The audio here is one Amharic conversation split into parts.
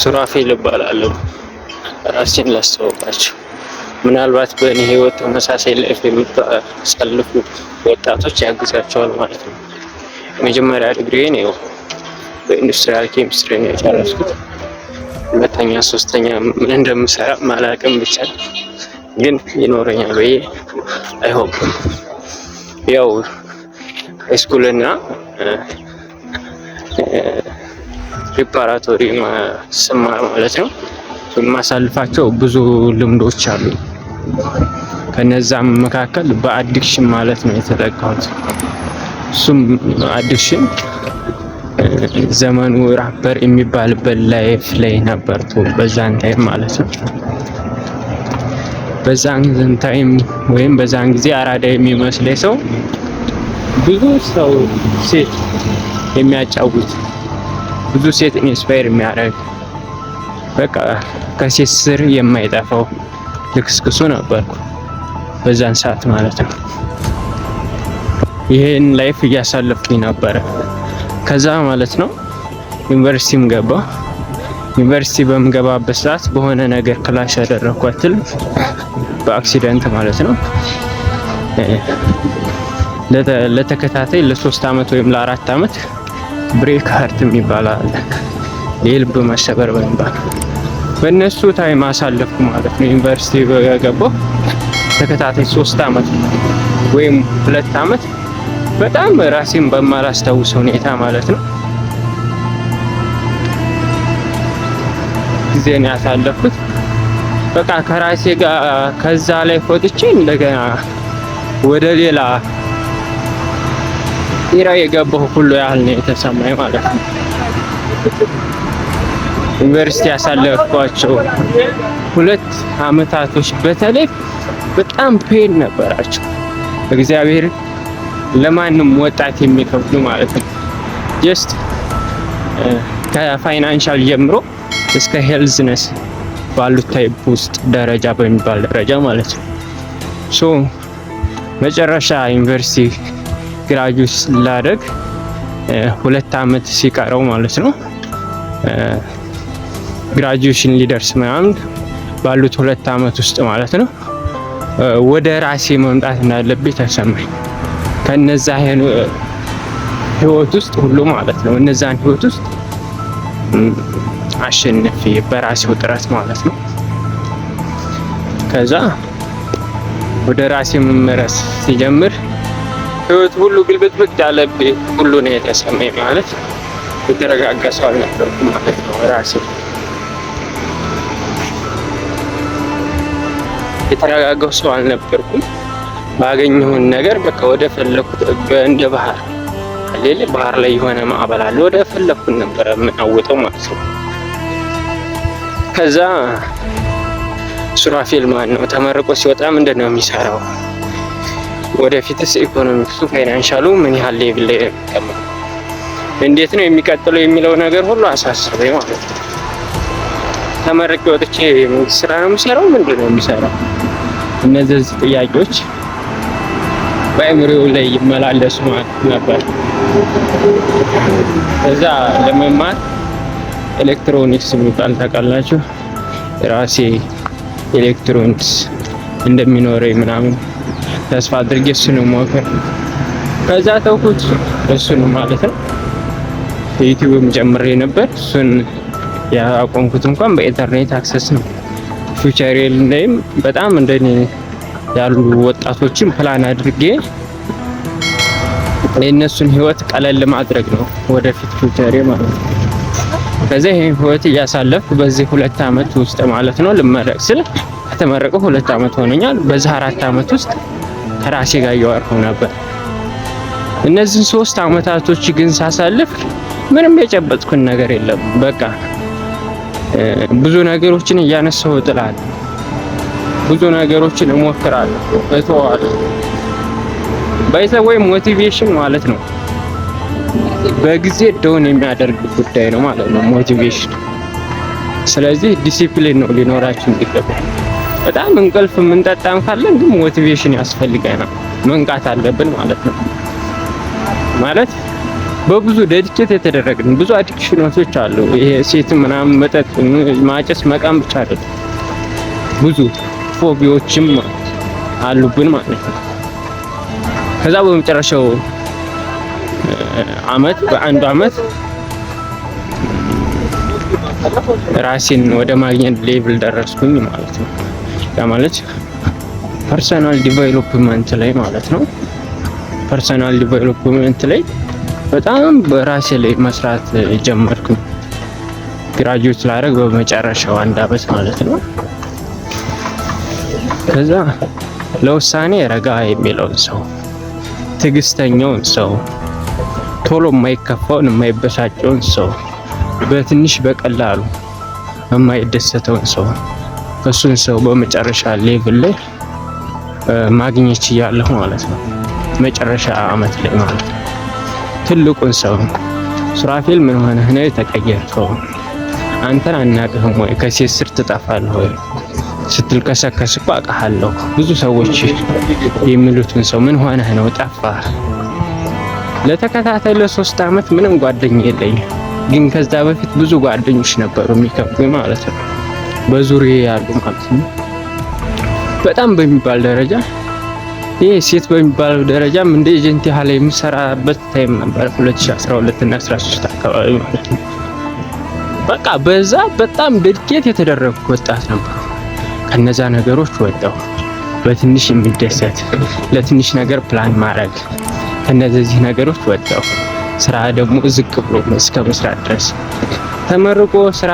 ሱራፌል እባላለሁ። ራሴን ላስተዋውቃችሁ። ምናልባት በእኔ ህይወት ተመሳሳይ ላይፍ የምታሳልፉ ወጣቶች ያግዛቸዋል ማለት ነው። የመጀመሪያ ዲግሪዬን ይኸው በኢንዱስትሪያል ኬሚስትሪ ነው የጨረስኩት። ሁለተኛ ሶስተኛ ምን እንደምሰራ ማላቅም ብቻ ግን ይኖረኛል ብዬ አይሆንም። ያው ሃይስኩልና ሪፓራቶሪ ስማር ማለት ነው የማሳልፋቸው ብዙ ልምዶች አሉ። ከነዛም መካከል በአዲክሽን ማለት ነው የተጠቃሁት። እሱም አዲክሽን ዘመኑ ራፐር የሚባልበት ላይፍ ላይ ነበር፣ በዛን ታይም ማለት ነው። በዛን ታይም ወይም በዛን ጊዜ አራዳ የሚመስለኝ ሰው ብዙ ሰው ሴት የሚያጫውት ብዙ ሴት ኢንስፓየር የሚያደርግ በቃ ከሴት ስር የማይጠፋው ልክስክሱ ነበርኩ በዛን ሰዓት ማለት ነው። ይህን ላይፍ እያሳለፍኩኝ ነበረ። ከዛ ማለት ነው ዩኒቨርሲቲም ገባ። ዩኒቨርሲቲ በምገባበት ሰዓት በሆነ ነገር ክላሽ ያደረኳትል በአክሲደንት ማለት ነው ለተከታታይ ለሶስት አመት ወይም ለአራት አመት ብሬክ ሀርት የሚባል አለ፣ የልብ መሰበር በሚባል በእነሱ ታይም አሳለፍኩ ማለት ነው። ዩኒቨርሲቲ በገባሁ ተከታታይ ሶስት አመት ወይም ሁለት አመት በጣም ራሴን በማላስታውስ ሁኔታ ማለት ነው ጊዜን ያሳለፍኩት። በቃ ከራሴ ጋር ከዛ ላይ ፎጥቼ እንደገና ወደ ሌላ ራ የገባሁ ሁሉ ያህል ነው የተሰማኝ ማለት ነው። ዩኒቨርሲቲ ያሳለፍኳቸው ሁለት አመታቶች በተለይ በጣም ፔን ነበራቸው። እግዚአብሔር ለማንም ወጣት የሚከብዱ ማለት ነው ጀስት ከፋይናንሻል ጀምሮ እስከ ሄልዝነስ ባሉት ታይፕ ውስጥ ደረጃ በሚባል ደረጃ ማለት ነው። ሶ መጨረሻ ዩኒቨርሲቲ ግራጁዌት ላደርግ ሁለት አመት ሲቀረው ማለት ነው ግራጁዌሽን ሊደርስ ምናምን ባሉት ሁለት አመት ውስጥ ማለት ነው ወደ ራሴ መምጣት እንዳለብኝ ተሰማኝ። ከነዛ ህይወት ውስጥ ሁሉ ማለት ነው እነዛን ህይወት ውስጥ አሸንፌ በራሴው ጥረት ማለት ነው ከዛ ወደ ራሴ መመረስ ሲጀምር ህይወት ሁሉ ግልብጥብጥ ያለብኝ ሁሉ ነው የተሰማኝ። ማለት የተረጋጋ ሰው አልነበርኩም ማለት ነው። ራሴ የተረጋጋው ሰው አልነበርኩም። ባገኘሁን ነገር በቃ ወደ ፈለኩት እንደ ባህር ሌሌ ባህር ላይ የሆነ ማዕበል አለ። ወደ ፈለኩት ነበረ የምናወጠው ማለት ነው። ከዛ ሱራፌል ማን ነው ተመርቆ ሲወጣ ምንድን ነው የሚሰራው? ወደፊትስ ኢኮኖሚክሱ ፋይናንሻሉ ምን ያህል ሌቭል ላይ እንዴት ነው የሚቀጥለው የሚለው ነገር ሁሉ አሳስበኝ ማለት ነው። ወጥቼ የመንግስት ስራ ነው የሚሰራው ምንድን ነው የሚሰራው? እነዚህ ጥያቄዎች በአእምሮው ላይ ይመላለሱ ማለት ነበር። እዛ ለመማር ኤሌክትሮኒክስ የሚባል ታውቃላችሁ? ራሴ ኤሌክትሮኒክስ እንደሚኖረኝ ምናምን ተስፋ አድርጌ እሱን ሞክር። ከዛ ተውኩት እሱን ማለት ነው። ዩቲዩብም ጨምሬ ነበር። እሱን ያቆምኩት እንኳን በኢንተርኔት አክሰስ ነው። ፊውቸር ላይም በጣም እንደኔ ያሉ ወጣቶችን ፕላን አድርጌ የእነሱን ህይወት ቀለል ለማድረግ ነው ወደፊት ፊውቸሬ ማለት ነው። ከዚህ ይህን ህይወት እያሳለፍኩ በዚህ ሁለት አመት ውስጥ ማለት ነው ልመረቅ ስል ከተመረቀ ሁለት አመት ሆነኛል። በዚህ አራት አመት ውስጥ ከራሴ ጋር እያወራሁ ነበር። እነዚህን ሶስት አመታቶች ግን ሳሳልፍ ምንም የጨበጥኩን ነገር የለም። በቃ ብዙ ነገሮችን እያነሳሁ እጥላለሁ፣ ብዙ ነገሮችን እሞክራለሁ፣ እተዋለሁ። ባይዘ ወይ ሞቲቬሽን ማለት ነው በጊዜ ደውን የሚያደርግ ጉዳይ ነው ማለት ነው ሞቲቬሽን። ስለዚህ ዲሲፕሊን ነው ሊኖራችን ይገባል። በጣም እንቅልፍ የምንጠጣም ካለን ግን ሞቲቬሽን ያስፈልገናል፣ መንቃት አለብን ማለት ነው። ማለት በብዙ ደድኬት የተደረግን ብዙ አዲክሽኖች አሉ። ይሄ ሴት ምናምን፣ መጠጥ፣ ማጨስ፣ መቃም ብቻ አይደለም፣ ብዙ ፎቢዎችም አሉብን ማለት ነው። ከዛ በመጨረሻው አመት በአንዱ አመት ራሴን ወደ ማግኘት ሌቭል ደረስኩኝ ማለት ነው። ያ ማለት ፐርሰናል ዲቨሎፕመንት ላይ ማለት ነው። ፐርሰናል ዲቨሎፕመንት ላይ በጣም በራሴ ላይ መስራት ጀመርኩ። ግራጁዌት ላደርግ በመጨረሻው አንድ አመት ማለት ነው። ከዛ ለውሳኔ ረጋ የሚለውን ሰው፣ ትዕግስተኛውን ሰው፣ ቶሎ የማይከፋውን የማይበሳጨውን ሰው፣ በትንሽ በቀላሉ የማይደሰተውን ሰው እሱን ሰው በመጨረሻ ሌቭል ላይ ማግኘት ያለሁ ማለት ነው። መጨረሻ አመት ላይ ማለት ነው። ትልቁን ሰው ሱራፌል ምን ሆነህ ነው የተቀየርከው? አንተን አናቅህም ወይ? ከሴት ስር ትጠፋለህ ወይ ስትል እኮ ብዙ ሰዎች የሚሉትን ሰው ምን ሆነህ ነው ጠፋ ለተከታታይ ለሶስት አመት ምንም ጓደኛ የለኝም፣ ግን ከዛ በፊት ብዙ ጓደኞች ነበሩ የሚከፉኝ ማለት ነው። በዙሪያ ያሉ ማለት ነው። በጣም በሚባል ደረጃ ይሄ ሴት በሚባል ደረጃም እንደ ኤጀንት ያህል የምሰራበት ታይም ነበር 2012 እና 13 አካባቢ ማለት ነው። በቃ በዛ በጣም ድርጊት የተደረጉ ወጣት ነበር። ከነዛ ነገሮች ወጣው በትንሽ የሚደሰት ለትንሽ ነገር ፕላን ማድረግ ከነዚህ ነገሮች ወጣው ስራ ደግሞ ዝቅ ብሎ እስከ መስራት ድረስ ተመርቆ ስራ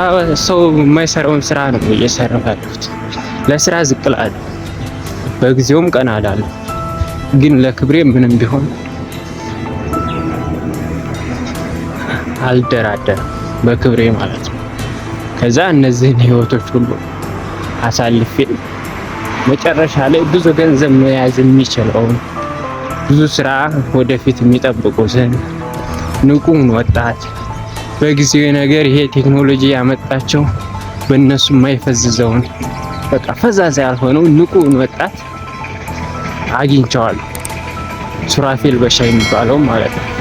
ሰው የማይሰራውን ስራ ነው እየሰራሁ ያለሁት። ለስራ ዝቅ እላለሁ፣ በጊዜውም ቀና እላለሁ። ግን ለክብሬ ምንም ቢሆን አልደራደርም፣ በክብሬ ማለት ነው። ከዛ እነዚህን ህይወቶች ሁሉ አሳልፌ መጨረሻ ላይ ብዙ ገንዘብ መያዝ የሚችለውን ብዙ ስራ ወደፊት የሚጠብቁትን ንቁ ወጣት በጊዜው ነገር ይሄ ቴክኖሎጂ ያመጣቸው በእነሱ የማይፈዝዘውን በቃ ፈዛዛ ያልሆነው ንቁን ወጣት አግኝቸዋል። ሱራፌል በሻ የሚባለው ማለት ነው።